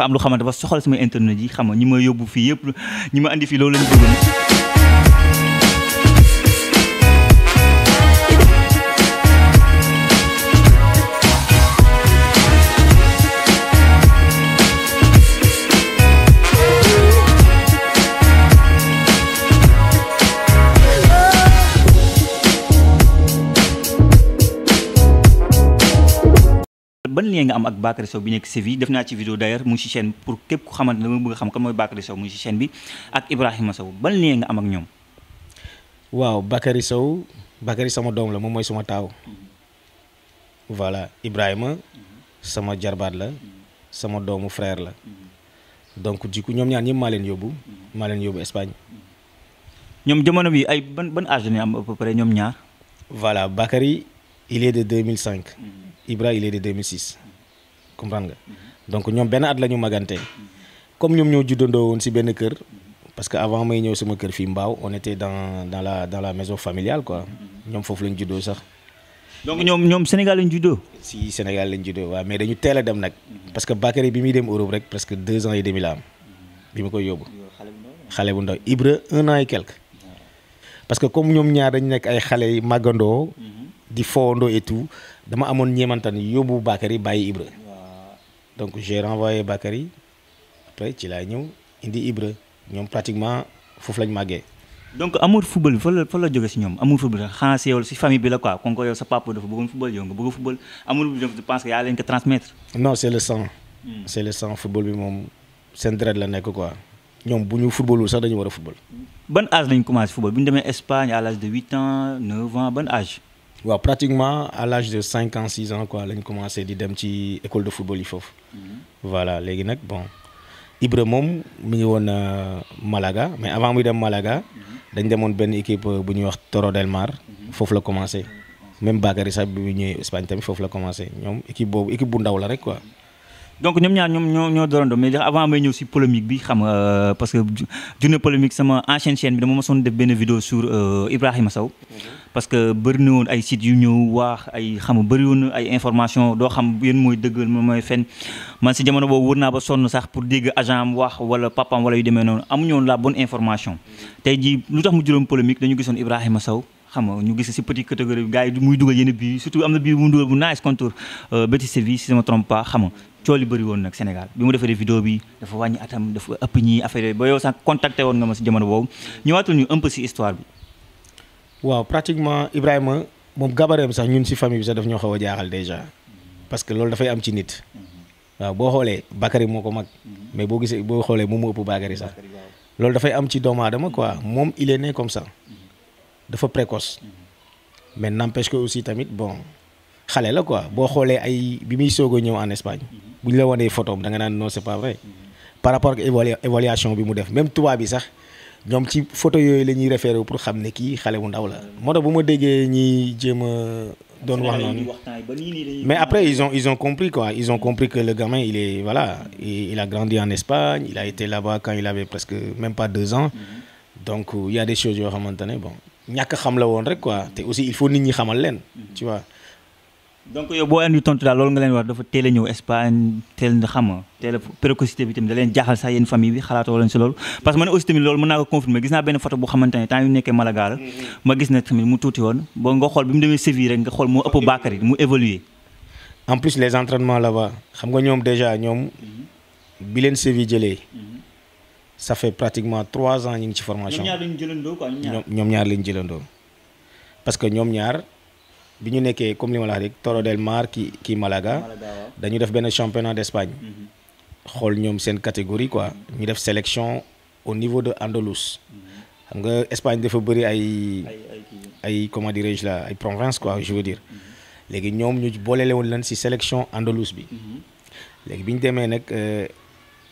dafa am lu xamante dafa soxal sama internet yi xam ma yóbbu fii yëpp ñi ma andi fii loolu lañu bëggoon ñe nga am ak Bakary Sow bi nekk Séville def na ci vidéo d'ailleurs mu ci chaîne pour képp ku xamantene mo bëgg xam kan moy Bakary Sow mu ci chaîne bi ak Ibrahima Sow bal ñe nga am ak ñom waaw Bakary Sow Bakary sama dom la mo moy sama taw voilà Ibrahima sama jarbat la sama domu frère la donc du coup ñoom ñaar ñëpp maa leen yobbu ma leen yobbu Espagne. ñom jëmono bi ay ban ban âge ni am à peu près ñom ñaar. voilà Bakary il est de 2005. Ibra il est de 2006. comprendre nga donc ñom benn at lañu maganté comme ñom ñoo juddandoo won ci benn kër parce que avant may ñew sama kër fi Mbaaw on était dans dans la dans la maison familiale quoi ñom fofu lañu jiddo sax. donc ñom ñom Sénégal lañ jiddo si Sénégal lañu jiddo wa mais dañu téla dem nak parce que Bakary bi mi dem Europe rek presque 2 ans et demi la am bi ma koy yóbbu. xale bu ndaw Ibra 1 an et quelque. parce que comme ñom ñaar dañ nek ay xalé yi màggandoo. di fondo et tout dama amone ñeemantan yobbu Bakary baye Ibra donc j'ai renvoyé Bakary après ci laa ñëw indi Ibra pratiquement foofu lañ màggee. donc amour football voilà faut la fa la amour football c'est une famille bi la quoi kon ko yow sa papa dafa football yow nga football amour je pense que a rien ko transmettre. non c'est le sang. Hmm. C'est le sang football bi moom seen deret la nekk quoi ñoom football, ñu footballul sax dañu war le football. Bon âge lañ commencé football Ils ont demee Espagne à l'âge de 8 ans 9 ans bon âge pratiquement à l'âge de 5 ans, 6 ans, on a commencé à à école de football. Mm-hmm. Voilà, les nek, bon. Ibre on won Malaga, mais avant de Malaga, on mm -hmm. demone ben équipe euh, bu wax Toro del Mar, mm -hmm. fofu la commencé. Mm -hmm. Même Bagari sa bu ñu Espagne tam fofu la commencé. Ñom équipe bobu, équipe bu ndaw la rek quoi. Mm-hmm donc ñom ñaar ñom ñoo ñoo do mais avant may ñëw ci polémique bi xam nga euh, parce que junne polémique sama ancienne chaîne bi dama ma son def benn vidéo sur euh, Ibrahim Sow mhm. parce que bëri na ay site yu ñëw wax ay xam bëri won ay information do xam yeen moy dëggal moy mooy fen man ci jamono boobu wurna ba sonn sax pour dégg agent wax wala papaam wala yu démé non amuñu woon la bonne information mhm. tey jii lu tax mu juroom polémique dañu gisoon Ibrahim Sow xam nga ñu gis si petite catégorie bi gars yi muy dugal yenn bii surtout am na bii mu dugal bu nice contre euh, Betis Séville si sama trompe pas xam nga bëri woon nag Sénégal bi mu defee vidéo bi dafa wàññi atam dafa ëpp ñi affaire ba yow sax contacté woon nga ma si jamono boobu ñëwaatul ñu un peu si histoire bi. waaw pratiquement Ibrahima moom gabareem sax ñun si famille bi sax daf ñoo xaw a jaaxal déjà parce que loolu dafay am ci nit. waaw boo xoolee Bakary moo ko mag mais boo gisee boo xoolee moom moo ëpp Bakary sax loolu dafay am ci doomu aadama quoi moom il est né comme dafa précoce mais n'empêche que aussi tamit bon xale la quoi Si xolé ay bi mi sogo a en Espagne tu la wanee photo da nga non c'est pas vrai par rapport à évaluation bi mu def même toi bi sax ñom ci photo yoy lañuy référé pour xamné ki xalé wu ndaw la moo buma bu ñi déggee doon wax mais après ils ont ils ont compris quoi ils ont compris que le gamin il est voilà il a grandi en Espagne il a été là-bas quand il avait presque même pas deux ans donc il y a des choses yo xamantane bon ñàkk xam la won rek quoi té aussi il faut nit ñi xamal leen mhm. tu vois. donc yow bo andi tontu daal loolu nga leen war dafa télé a Espagne teel na xam télé précocité bi tam da leen jaaxal sax yéen famille bi xalaato leen si loolu mhm. parce que man aussi tamit loolu mëna ko confirmer gis na benn photo bu xamante ne temps yu nekkee Malaga la mhm. ma gis na tamit mu tuuti won bo nga xol bimu démé demee rek nga xol mo ëpp Bakary mu évoluer en plus les entraînements là-bas xam nga ñom déjà ñom bi leen Séville jëlee ça fait pratiquement trois ans une ci formation. ñom ñaar lañ jëlandoo quoi ñaar parce que ñom ñaar biñu nekké comme li ma la rek Toro del Mar qui qui Malaga. dañu def ben championnat d'Espagne. Mhm. xol ñom sen catégorie quoi. ñu def sélection au niveau de Andalous. Mhm. xam nga Espagne dafa bëri ay. ay comment dirais-je là ay province quoi je veux dire. Mhm. légui ñom ñu won lan ci sélection Andalous bi. légui biñu démé nak euh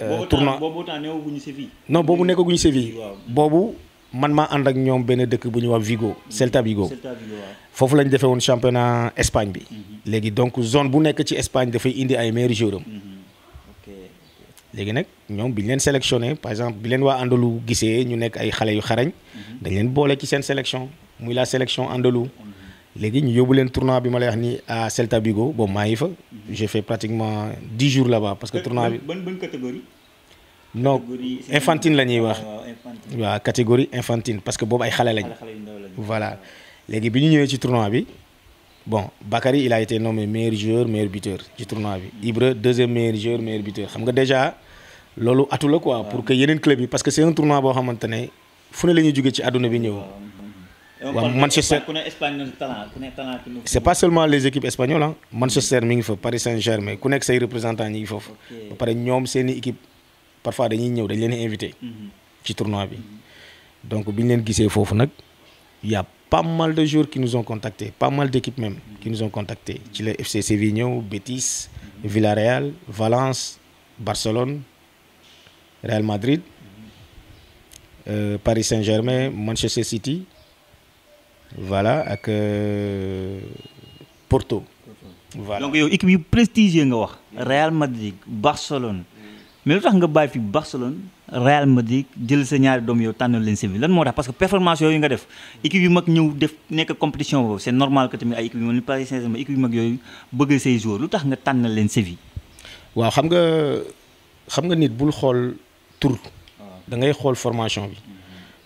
euh, tournoi boobu nekkaguñu non Bobo Séville man ak Vigo Celta Vigo foofu lañ championnat Espagne mhm. donc zone bu nekk Espagne dafay indi ay meilleurs joueurs mhm. par exemple bi Andalou mhm. sélection la sélection Andalou. Les ñu qui ont tournoi bi ma ni à Celta Bigo Bon, j'ai fait pratiquement 10 jours là-bas parce que tournoi bi. catégorie. non infantine la catégorie euh, infantine parce que boobu ay xalé lañ. voilà gens qui ñëwé fait ci tournoi bi bon Bakary il a été nommé meilleur joueur meilleur buteur du tournoi bi. Ibra deuxième meilleur joueur meilleur buteur xam nga déjà lolu tout la quoi. pour que yenen club parce que c'est un tournoi bo xamantene fune fu ne ci aduna bi ñëw. Manchester c'est pas seulement les équipes espagnoles hein. Manchester mi Paris Saint-Germain ku nekk représentants équipe parfois dañuy ñëw dañ leen mhm. tournoi donc bi leen fait, il y a pas mal de joueurs qui nous ont contactés pas mal d'équipes même mhm. qui nous ont contactés le FC Séville Betis mhm. Villarreal Valence Barcelone Real Madrid euh, Paris Saint-Germain Manchester City voilà ak euh, Porto. voilà donc yow équipe yu prestigieux nga wax. Real Madrid Barcelone. mais lu tax nga bàyyi fi Barcelone Real Madrid jël sa ñaari doom yow tànnal leen Séville lan moo tax parce que performance nga def équipe yu mag ñëw def nekk compétition boobu c'est normal que tamit ay équipe yu mel ni Paris Saint-Germain équipe yu mag yooyu bëgg say joueurs lu tax nga tànnal leen Séville. waaw xam nga xam nga nit bul xool tur. Ah. da ngay xool formation bi.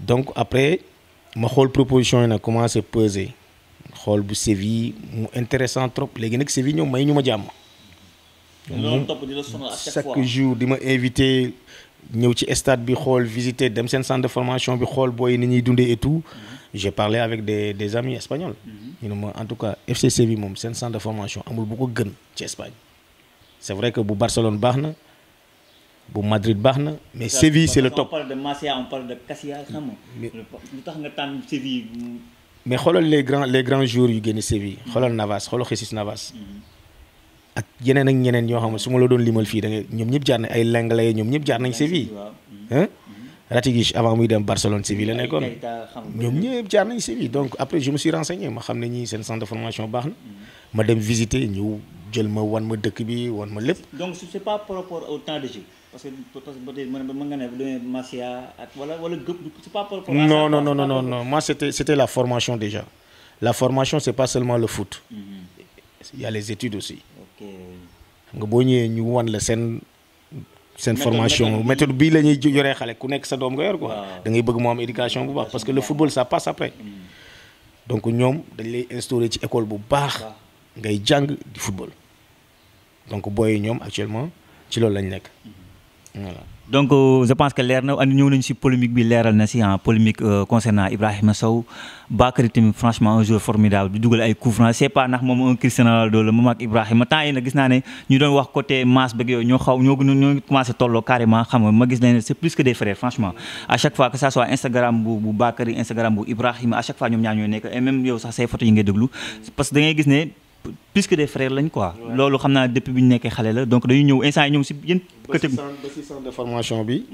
donc après ma whole proposition yi nag commencé peser xool bu Séville mu intéressant trop légui nak Séville ñu may ñu ma jàmm. loolu topp di la sonal à chaque fois chaque jour dima ma invité ñëw ci stade bi xool visiter dem seen centre de formation bi xool boy ni ñi dundé et tout. Mhm. j'ai parlé avec des des amis espagnols. Mhm. ñu en tout cas FC Séville mom seen centre de formation amul bu ko gën ci Espagne. c'est vrai que bu Barcelone baxna Bon Madrid baax mais Séville c'est le top on parle de Masia on parle de Cassia xam nga lu nga Séville mais xoolal les grands les grands joueurs yu génn Séville mm-hmm. xoolal Navas xoolal Jesús Navas mm-hmm. ak yenen ak ñeneen ñoo xam suma su la doon limal fi da nga ñoom ñëpp jaar ay Lenglet ñom ñëpp jaar nañ Séville Hein? Mm-hmm. Rakitic avant muy dem Barcelone Séville la nekkoon ñom ñëpp jaar nañ Séville donc après je me suis renseigné ma xam ne ñii seen centre de formation baxna ma dem visiter ñu jël ma wan ma dëkk bi wan ma lépp. donc c'est pas par rapport au temps de jeu parce que mën nga ne Massia ak wala wala gëpp c'est pas par rapport. non non non non non moi c'était c'était la formation déjà la formation c'est pas seulement le foot. Mm-hmm. il y a les études aussi. ok nga boo ñëwee ñu wan la seen. seen formation méthode bii la méthode yoree xale ku nekk sa doom nga yor quoi. da ngay bëgg am éducation bu parce que le football ça passe après. Mm. donc ñoom dañ lay instaurer ci école bu baax. ngay jàng di football donc boy ñom actuellement ci loolu lañ nek. voilà. donc euh, je pense que leer na ñu ñëw ci polémique bi leeral na ci hein, polémique euh, concernant Ibrahim. Sow Bakary tim franchement un joueur formidable Du dougal ay coups c'est pas nak mom un Cristiano Ronaldo le moom ak Ibrahim temps yi nag gis na né ñu doon wax côté masse beeg yooyu ñoo xaw ñoo ñoo commencé tollo carrément xam ma gis na c'est plus que des frères franchement à chaque fois que ça soit Instagram bu bu Bakary Instagram bu Ibrahim, à chaque fois ñom ñaar ñoy nek et même yow sax ces photos yi ngay déglu parce que da ngay gis né plus que des frères lañ quoi. loolu xamna depuis bi ñu xalé la donc dañuy ñëw instant yi ci yeen côté ba centre de formation bi.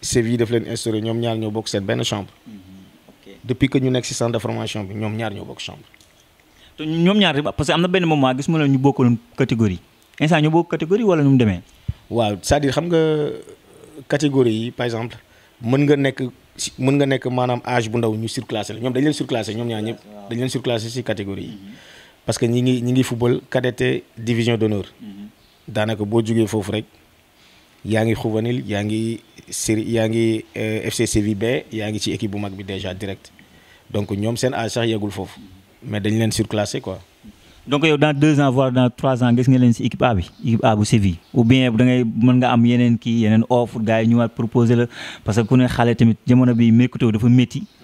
c'est mhm. vie daf leen instauré ñom ñaar ñoo bokk seen ben chambre. Mhm. depuis que ñu nekk ci centre de formation bi ñom ñaar ñoo bokk chambre. to ñom ñaar parce que amna ben moment gis ma la ñu bokkul catégorie instant ñu bokk catégorie wala nu démé waaw c'est-à-dire xam nga catégorie yi par exemple mën nga nekk mën nga nekk manam âge bu ndaw ñu surclasser ñom dañ leen surclasser ñom ñaar ñëpp dañ leen surclasser ci catégorie yi. Mhm parce que ñi ngi ñi football cadette division d'honneur mm-hmm. danaka bo jógee fofu rek yaangi ngi yaangi yaa série yaa euh, FC cvb yaangi ci équipe bu mag bi déjà direct donc ñom seen âge sax yeggul fofu mais dañ leen surclassé quoi. donc yow dans 2 ans voire dans 3 ans gis nga leen si équipe A bi équipe A bu Séville ou bien da ngay mën nga am yenen ki yenen offre gars yi ñëwaat proposer le parce que ku ne xale tamit jamono bi mercato dafa metti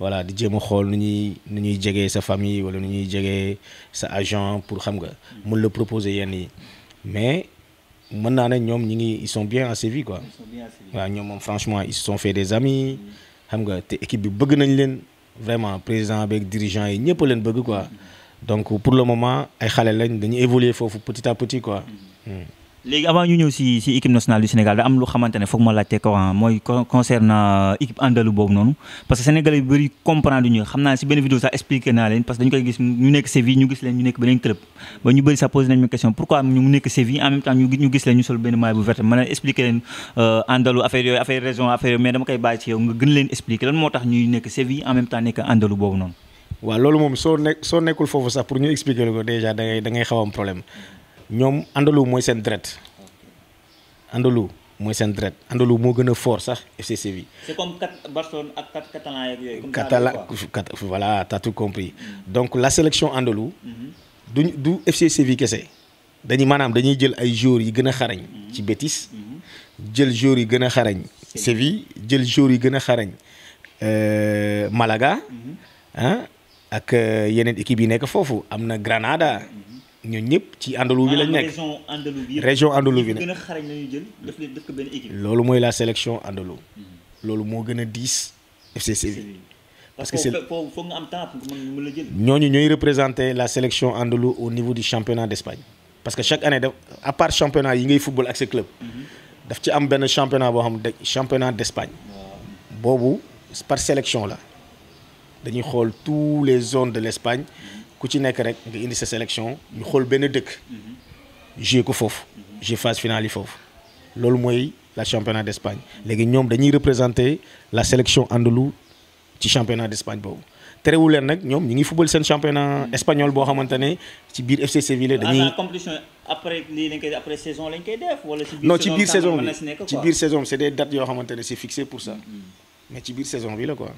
voilà di jéem xol ni ni ñuy ni ñuy jegee sa famille wala ni ñuy jegee sa agent pour xam nga mu le proposer yenn yi mais mën naa ne ñoom ñi ngi ils sont bien à Séville quoi waaw ñoom moom franchement ils se sont fait des amis xam nga te équipe bi bëgg nañ leen vraiment président beeg dirigeant yi ñëpp leen bëgg quoi donc pour le moment ay xale lañ dañuy évoluer foofu petit à petit quoi. Mm-hmm. Mm. Légi, avant ñu ñëw si ci équipe nationale du Sénégal da am lu xamante ne foog ma laajte ko ah, mooy euh, équipe andalou boobu noonu parce que sénégalais bëri comprendre ñu xam naa si benn vidéo sax expliqué naa leen parce que dañ koy gis ñu nekk Séville ñu gis leen ñu nekk beneen club ba ñu bëri sax posé nañu question pourquoi ñu nekk Séville en même temps ñu ñu gis leen ñu sol benn maay bu verte mën a expliqué leen euh, andalou affaire yooyu affaire raison affaire yooyu mais dama koy bàyyi ci yow nga gën leen expliqué lan moo tax ñuy nekk Séville en même temps nekk andalou boobu noonu waaw loolu moom soo nekk soo nekkul foofu sax pour ñu expliquer lu ko déjà da ngay da ngay xawam problème ñom andalou moy sen dret andalou moy sen dret andalou mo gëna fort sax FC Séville. c'est comme Barcelone ak Catalan yeeg yooyu. comme Catalan voilà t'as tout compris donc la sélection andalu. Mm-hmm. du du FC Séville kese. dañuy manam dañuy jël ay joueurs yi gëna xarañ. Mm-hmm. ci bétis mm-hmm. jël joueurs yi gëna xarañ. Séville jël joueurs yi gëna xarañ euh Malaga. hein? ak euh, yenen équipe yi nekk foofu am Granada ñun ñëpp ci andalou bi lañ nekk région andalou bi région andalou jël équipe. loolu mooy la sélection andalou. Hmm. loolu moo gën a diis FC Séville. parce que c'est foog nga am temps pour la jël. ñooñu ñooy représenter la sélection andalou au niveau du championnat d'Espagne parce que chaque année à part championnat yi ngay football ak sa club. Hmm. daf ci am benn championnat boo xam de championnat d'Espagne. boobu par sélection la dañuy xool tous les zones de l'Espagne ku ci nekk rek nga indi sa sélection ñu xool benn dëkk mhm. joué ko foofu mhm. joué phase finale yi foofu loolu mooy la championnat d'Espagne léegi ñoom dañuy représenter la sélection andalou ci championnat d'Espagne boobu terewul leen nag ñoom ñu ngi football seen championnat mhm. espagnol boo xamante ne ci biir FC Séville ah, dañuy après lii lañ koy après saison lañ koy def wala ci biir non ci saison bi ci biir saison c'est des dates yoo xamante ne c'est fixé pour ça mais ci biir saison bi la quoi